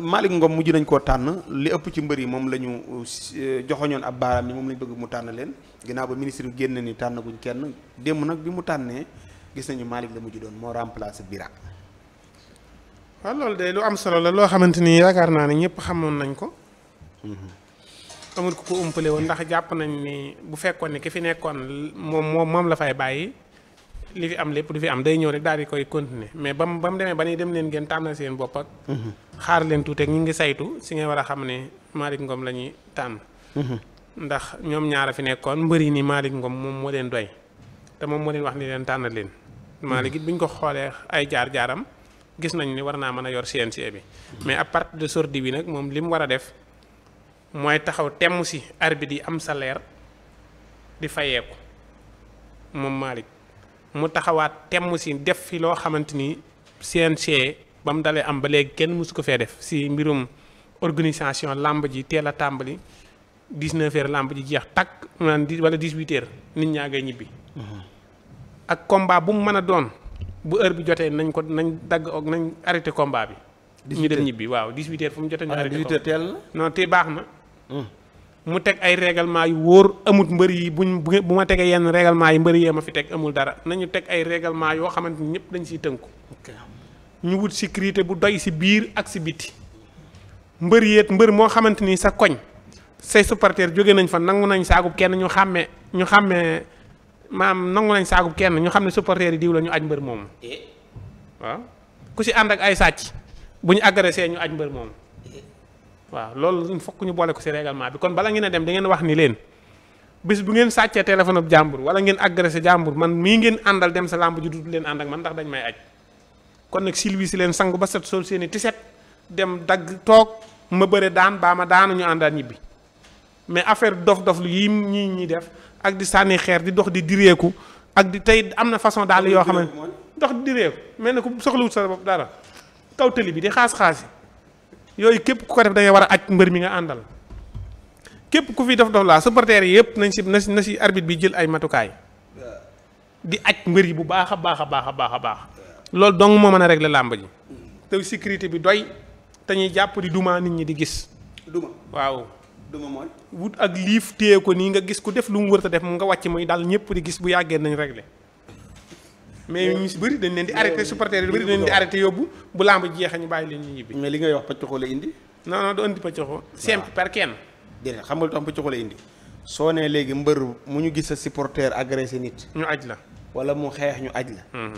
malik ngoom mujj nañ koo tànn li ëpp ci mbër yi moom la ñu euh, joxoñoon ab baaraam ni moom la ñu bëgg mu tànn leen ginnaaw ba ministre bi génn ni tànn guñ kenn démb nag bi mu tànnee gis nañu Malick la mujj doon moo remplacé Birak. waaw loolu de lu am solo la loo xamante ni yaakaar naa ne ñëpp xamoon nañ ko. Mhm. amul ku ko umpale woon ndax jàpp nañ ni bu fekkoon ne ki fi nekkoon moom moom moom la fay bàyyi. li fi am lépp du fi am day ñëw rek daal di koy continuer mais ba mu ba mu demee ba ni dem leen ngeen tànnal seen bopp ak. xaar leen tuuti ak ñu ngi saytu si nga war a xam ne Malick ngoom la ñuy tànn. ndax ñoom ñaara fi nekkoon mbëri ni Malick ngoom moom moo leen doy te moom moo leen wax ni leen tànn leen. Malick it bu ñu ko xoolee ay jaar-jaaram gis nañu ni war naa mën a yor CNC bi. mais à partir de sortie bi nag moom li mu war a def mooy taxaw temm si arbitre yi am salaire di fayeeku moom Malick. mu taxawaat temm si def fi loo xamante ni CNG ba mu dalee am ba léegi kenn mësu ko fee def si mbirum organisation làmb ji teel a tàmbali 19 heures làmb ji jeex takk naan di wala 18 heures nit ñaa ngay ñibbi. ak combat bu mu mën a doon bu heure bi jotee nañ ko nañ dagg oog nañ arrêté combat bi. 18 heures ñibbi waaw 18 heures fu mu jotee. ñu ah, arrêté teel non te baax na. Hmm. mu teg ay règlement yu wóor amut mbër yi buñ bu ma tegee yenn règlement yi mbër yee ma fi teg amul dara nañu teg ay règlement yoo xamante ni ñëpp dañ siy tënku ñu wut sécurité bu doy si biir ak si biti mbër yeet mbër moo xamante ni sa koñ say supporter jóge nañ fa nangu nañ saagub kenn ñu xàmmee ñu xàmmee maam nangu nañ saagub kenn ñu xam ne supporter yi diw la ñu aj mbër moomu eh. waaw ku si ànd ak ay sàcc bu ñu agressé ñu aj mbër moomu eh. waaw loolu fokk ñu boole ko ci règlement bi kon bala ngeen a dem da wax ni leen bis bu ngeen sàccee téléphone ab jàmbur wala ngeen agressé jàmbur man mii ngeen àndal dem sa làmb ji du leen ànd ak man ndax dañ may aj kon nag silvi si leen sangu ba set sol seeni tiset dem dagg toog ma bëre daan baa ma daanu ñu àndaan ñibbi mais affaire dof-dof lu yi ñii ñuy def ak di sànni xeer di dox di direeku ak di tey am na façon daal yoo xam ne dox di direeku mel ne ku soxlawut sa bopp dara taw tëli bi di xaas-xaas yooyu képp ku ko def da ngay war a aj mbër mi nga àndal képp ku fi def dof laa supporters yi yëpp nañ si na si na si arbitre bi jël ay matukaay di aj mbër yi bu baax a baax a baax a baax a baax loolu dong moo mën a régler làmb ji te sécurité bi doy te ñuy jàpp di duma nit ñi di gis. duma waaw. duma mooy. wut ak liif téye ko nii nga gis ku def lu mu wër def mu nga wàcc muy dal ñëpp di gis bu yàggee nañ régler. mais ñu si bëri dañ leen di arrêté supporter yi bëri dañ leen di arrêté yóbbu bu lamb jeexee ñu bàyyi leen ñu ñibbi. mais li ngay wax pàccoxoo la indi. non non du indi pàccoxoo. simple par la indi. soo nee léegi mbër mu ñu gis sa supporter agressé nit. ñu aj la. wala mu xeex ñu aj la. Mhm.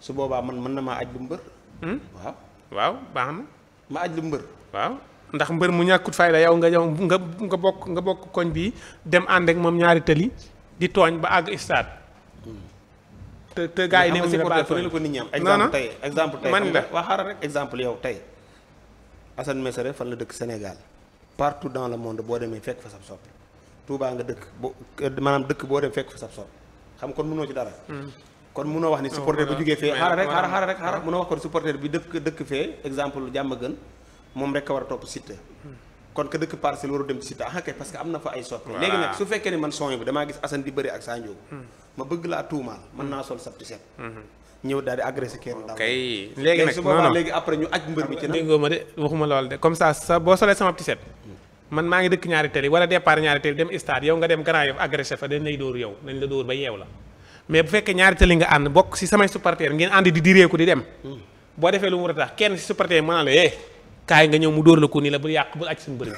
su boobaa man mën na maa aj lu mbër. Hmm? waaw waaw baax na. ma aj lu mbër. waaw ndax mbër mu ñàkkut fayda yow nga yow nga nga bokk nga bokk koñ bi dem ànd ak moom ñaari tëli di tooñ ba àgg stade hmm. te te gars yi ni ko nit la waa xaaral rek exemple yow tey Assane Mesere fan la dëkk Sénégal partout dans le monde boo demee fekk fa sab soppi Touba nga dëkk bo maanaam dëkk boo dem fekk fa sab soppi xam kon mënoo ci dara. Hmm. kon mënoo wax ni supporter bu jógee fee xaaral xaaral xaaral mënoo wax kon supporter bi dëkk dëkk fee exemple jàmm gën moom rek a war a topp Siteu kon que dëkk parcelle waru dem ci Siteu ah kay parce que am na fa ay soppe léegi nag su fekkee ne man son bi damaa gis Assane di bëri ak Sa Ndiogou hmm. ma bëgg laa tuumaal mën naa sol hmm. sa boo solee man maa ngi dëkk ñaari télé wala départ ñaari télé dem stade yow nga dem Grand Yoff agressé fa dañ lay dóor yow dañ la dóor ba yeew la mais bu fekkee ñaari télé nga ànd bokk si samay supporter ngeen ànd di direeku di dem hmm. boo defee lu mu war a tax kenn si supporter mën na eh, kaay nga ñëw mu dóor la ko nii la bul yàq bul aj suñu bëri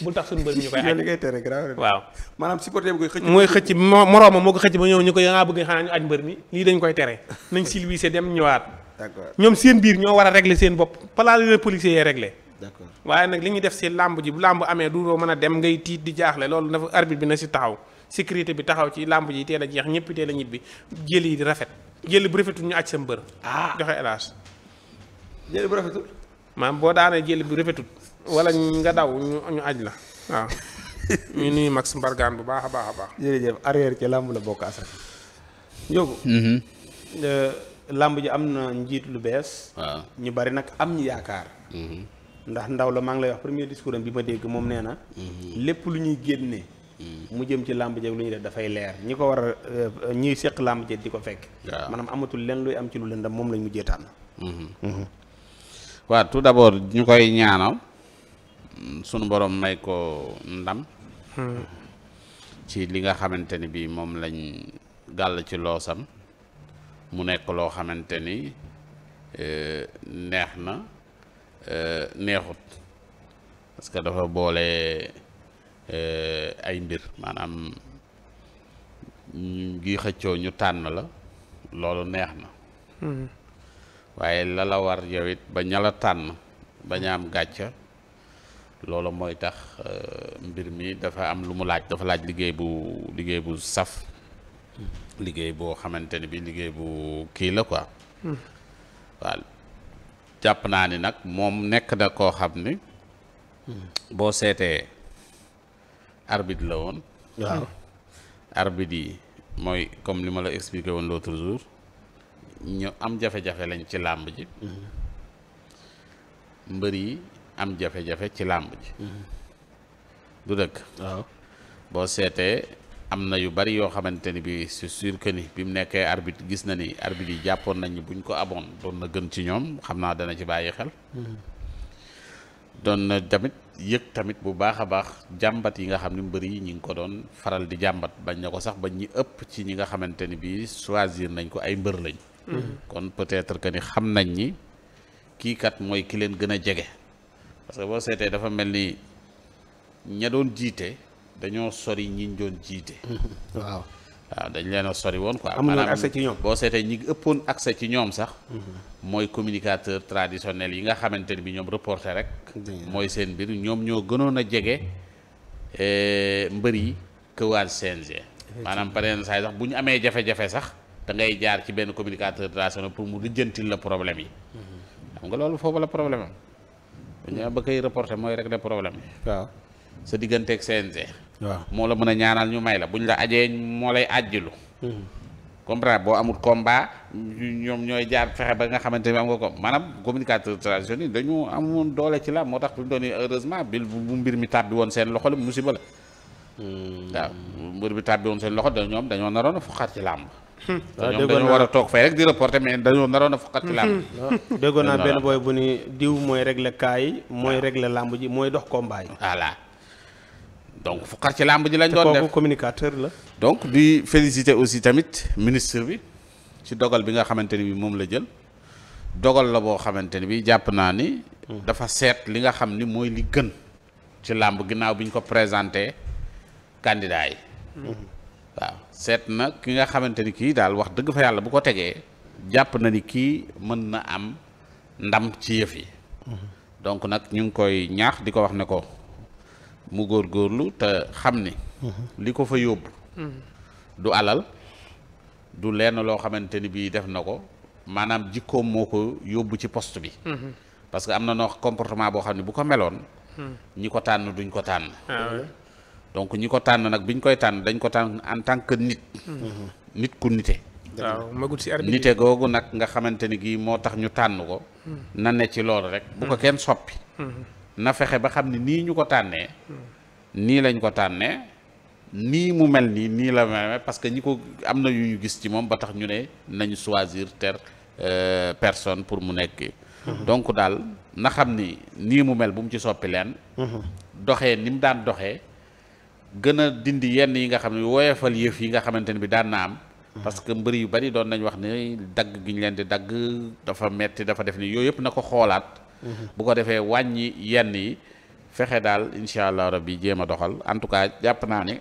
bul tax suñu bëri ñu koy aj waaw maanaam supporter bi koy xëcc mooy xëcc moroomam moo ko xëcc ba ñëw ñu ko dangaa bëgg xanaa ñu aj mbër mi lii dañ koy tere nañ silwiise dem ñëwaat d'accord ñoom seen biir ñoo war a régler seen bopp palaa la policier yee régler d'accord waaye nag li ñuy def si làmb ji bu làmb amee du doo mën a dem ngay tiit di jaaxle loolu dafa arbitre bi na si taxaw sécurité bi taxaw ci làmb ji teel a jeex ñëpp teel a ñibbi jël yi di rafet jël bu rafetul ñu aj sa mbër ah. joxe hélas jël bu rafetul maam boo daanee jël bu rafetul wala nga daw ñu aj la waaw ñu nuyu Max Mbargaan bu baax a baax a baax. jërëjëf arrière ci làmb la bokk asal. Njóobu. Mhm. làmb ji am na njiit lu bees. waaw ñu bari nag am ñu yaakaar. Mhm. ndax ndaw la maa ngi lay wax premier discours am bi ma dégg moom nee na. Mhm. lépp lu ñuy génne. mu jëm ci làmb jeeg lu ñu def dafay leer ñi ko war a euh, ñiy seq làmb jeeg di ko fekk. maanaam amatul lenn luy am ci lu lëndam moom lañ mujjee tànn. waa tout d'abord ñu koy ñaanal sunu borom may ko ndam hmm. ci li nga xamante ni bii moom lañ gàll ci loosam mu nekk loo xamante ni eh, neex na eh, neexut parce que dafa boole eh, ay mbir maanaam ngi xëccoo ñu tànn la loolu neex na hmm. waaye lala la war yow it ba ñala tànn ba ña gàcca loolu mooy tax euh, mbir mi dafa am lu mu laaj dafa laaj liggéey bu liggéey bu saf liggéey boo xamante ni bi liggéey bu kii la ko waaw jàpp naa ni nag moom nekk na koo xam ni boo seetee arbitre la woon waaw arbitre yi mooy comme li ma la expliqué woon l'autre jour ñu am jafe-jafe lañ ci làmb ji mm-hmm. mbër yi am jafe-jafe ci làmb ji mm-hmm. du dëkk waaw boo seetee am na yu bari yoo xamante ni bi c'est ni bi mu nekkee arbitre gis na ni arbitre yi jàppoon nañ buñ ko aboon doon na gën ci ñoom xam naa dana ci bàyyi xel mm-hmm. doon na tamit yëg tamit bu baax a baax jàmbat yi nga xam ne mbër yi ñi ngi ko doon faral di jàmbat bañ na ko sax bañ ñi ëpp ci ñi nga xamante ni bi soisir nañ ko ay mbër lañ kon peut-être que ni xam nañ ni kii kat mooy ki leen gën a jege parce que boo seetee dafa mel ni ña doon jiite dañoo sori ñi ñu doon jiite. waaw waaw dañ leen a sori woon ko amuñu accès ci ñoom boo seetee ñi ëppoon accès ci ñoom sax. Mhm. mooy communicateur traditionnel yi nga xamante ni bi ñoom reporter rek. mooy seen mbir ñoom ñoo gënoon a jege eh, mbër yi que waa CNG. maanaam pareen saay sax bu ñu amee jafe-jafe sax. da ngay jaar ci benn communicateur traditionnel pour mu lijjantil la problème yi. xam nga loolu foofu la problème am. bu ñu ba koy reporté mooy régler problème yi. waaw sa digganteeg CNG. waaw moo la mën a ñaanal ñu may la bu ñu la ajee moo lay ajjilu. Hmm. comprendre boo amul combat ñoom ñooy jaar fexe ba nga xamante ni am nga ko maanaam communicateur traditionnel dañu amoon doole ci la moo tax bu ñu doon heureusement bi bu mbir mi tàbbi woon seen loxo la musiba la. Hmm. waaw mbir bi tàbbi woon seen loxo da ñoom dañoo naroon a fuxaat ci làmb ñoom hmm. dañoo war a toog fay rek di reporter mais dañoo naroon a foqat ci làmb hmm. déggoon naa benn booy bu ni diw mooy régler kaay yi mooy régler làmb ji mooy dox combat yi voilà donc foqat ci làmb ji lañ doon def communicateur la donc di féliciter aussi tamit ministre bi ci dogal bi nga xamante ni bi moom la jël dogal la boo xamante ni bi jàpp naa ni hmm. dafa seet li nga xam ni mooy li gën ci làmb ginnaaw bi ñu ko présenté candidat yi waaw seet na ki nga xamante ni kii daal wax dëgg fa yàlla bu ko tegee jàpp na ni kii mën na am ndam ci yëf yi mm-hmm. donc nag ñu ngi koy ñaax di ko wax ne ko mu góor góorgóorlu te xam ni mm-hmm. li ko fa yóbbu mm-hmm. du alal du lenn loo xamante ni bii def na ko maanaam jikkoom moo ko yóbbu ci poste bi parce am na noo comportement boo xam ne bu ko meloon ñi ko tànn duñ ko tànn ah donc ñi ko tànn nag bi ñu koy tànn dañ ko tànn en tant que nit. Mm-hmm. nit ku nite. waaw magul si nite googu nag nga xamante ni gii moo tax ñu tànn ko. Mm-hmm. na ne ci loolu rek. bu ko mm-hmm. kenn soppi. na fexe ba xam ni nii ñu ko tànnee. nii lañ ko tànnee. nii mu mel nii nii la mel parce que ñi ko am na yu ñu gis ci moom ba tax ñu ne nañu choisir ter euh, personne pour mu nekk. donc daal na xam ni nii mu mel bu mu ci soppi leen. doxee ni mu daan doxee. gën a dindi yenn yi nga xam ne woyefal yëf yi nga xamante ne bi daan na am. parce que mbër yu bari doon nañ wax ne dagg gi ñu leen di dagg dafa metti dafa def nii yooyu yëpp na ko xoolaat. Mhm. bu ko defee wàññi yenn yi fexe daal incha allah rabbi jéem a doxal en tout cas jàpp naa ne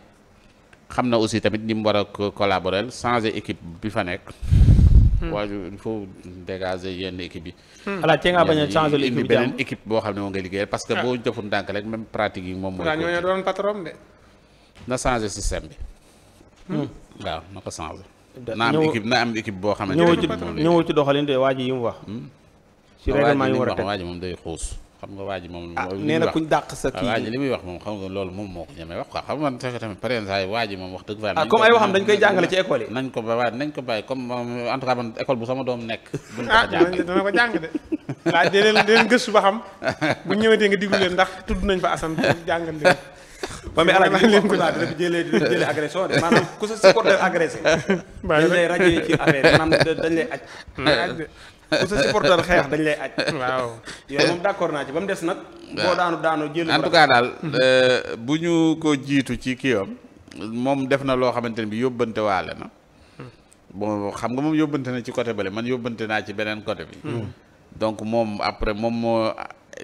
xam na aussi tamit ni mu war a collaborer changer équipe bi fa nekk. Hmm. waa il faut dégager yenn équipe yi. Hmm. a boo xam ne moo ngay liggéeyal parce que ah. boo jëfun ndànk rek même pratique yi na changé système bi. Hmm. waaw na ko changé. na am équipe na am équipe boo xamante ne ñëwoo ci doxalin de waa ji yi mu wax. Hmm. ci règlement yi war a teg waa ji moom day xuus. xam nga waa ji moom. ah nee na kuñ dàq sa kii ah, waa ji li muy wax moom xam nga loolu moom moo ko ñemee wax quoi xam nga fekk tamit par exemple saa waa ji moom wax dëgg fa. ah comme ay waxam dañ koy jàngale ci école yi. nañ ko ba waaye nañ ko bàyyi comme en tout cas man école bu sama doom nekk. buñ ko jàngale ah, dana ko jàng de. laaj de leen gëstu ba xam bu ñëwee nga diglu leen ndax tudd nañ fa Assane jàngal leen waaw mais El Hadj li mu wax dina jëlee dina jëlee de maanaam ku sa supporter agressé. dañ lay rajee ci affaire maanaam dañ lay aj. waaw yow moom d'accord naa ci ba mu des nag. boo daanu daanu jël. en tout cas daal hmm. euh, bu ñu ko jiitu ci kii am moom def na loo xamante ne bi yóbbantewaale na. Hmm. bon xam nga moom yóbbante na ci côté bale man yóbbante naa ci beneen côté bi. Hmm. donc moom après moom moo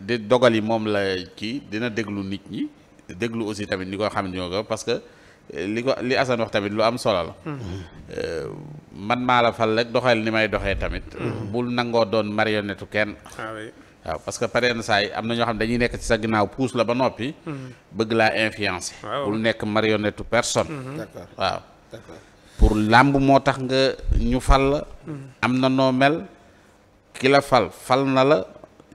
di dogal yi moom la kii dina déglu nit ñi. déglu aussi tamit li ko xam ne ñoo ko parce que euh, li ko li Assane wax tamit lu am solo la. Mm-hmm. Euh, man maa la fal rek doxal ni may doxee tamit. Mm-hmm. bul nangoo doon marionnette kenn. Ah waaw parce que pare na saa yi am na ñoo xam dañuy nekk ci sa ginnaaw pouse la ba noppi. Mm-hmm. bëgg laa influencer. Ah bul nekk marionnette personne. d'accord waaw. pour làmb moo tax nga ñu fal la. am na noo mel ki la fal fal na la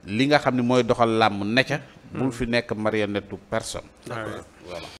li nga xam ne mooy doxal làmb ne bul fi nekk marionnette personne. Ah voilà